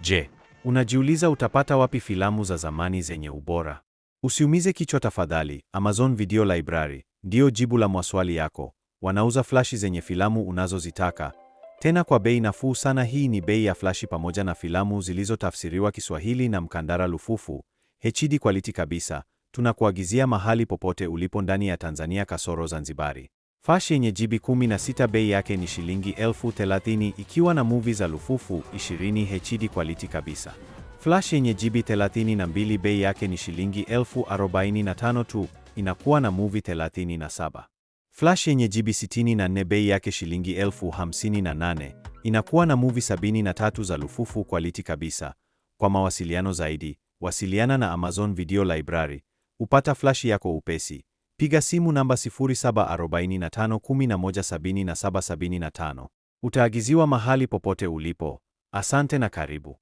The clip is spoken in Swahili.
Je, unajiuliza utapata wapi filamu za zamani zenye ubora? Usiumize kichwa tafadhali, Amazon Video Library ndiyo jibu la maswali yako. Wanauza flashi zenye filamu unazozitaka, tena kwa bei nafuu sana. Hii ni bei ya flashi pamoja na filamu zilizotafsiriwa Kiswahili na mkandara lufufu, HD quality kabisa. Tunakuagizia mahali popote ulipo ndani ya Tanzania kasoro Zanzibari. Fashi yenye GB 16 bei yake ni shilingi elfu ikiwa na muvi za lufufu 20 HD quality kabisa. Flash yenye GB 32 bei yake ni shilingi elfu arobaini tu, inakuwa na muvi 37. Flash yenye GB 64 bei yake shilingi elfu inakuwa na muvi 73 za lufufu quality kabisa. Kwa mawasiliano zaidi, wasiliana na Amazon Video Library. Upata flash yako upesi. Piga simu namba 0745117775. Utaagiziwa mahali popote ulipo. Asante na karibu.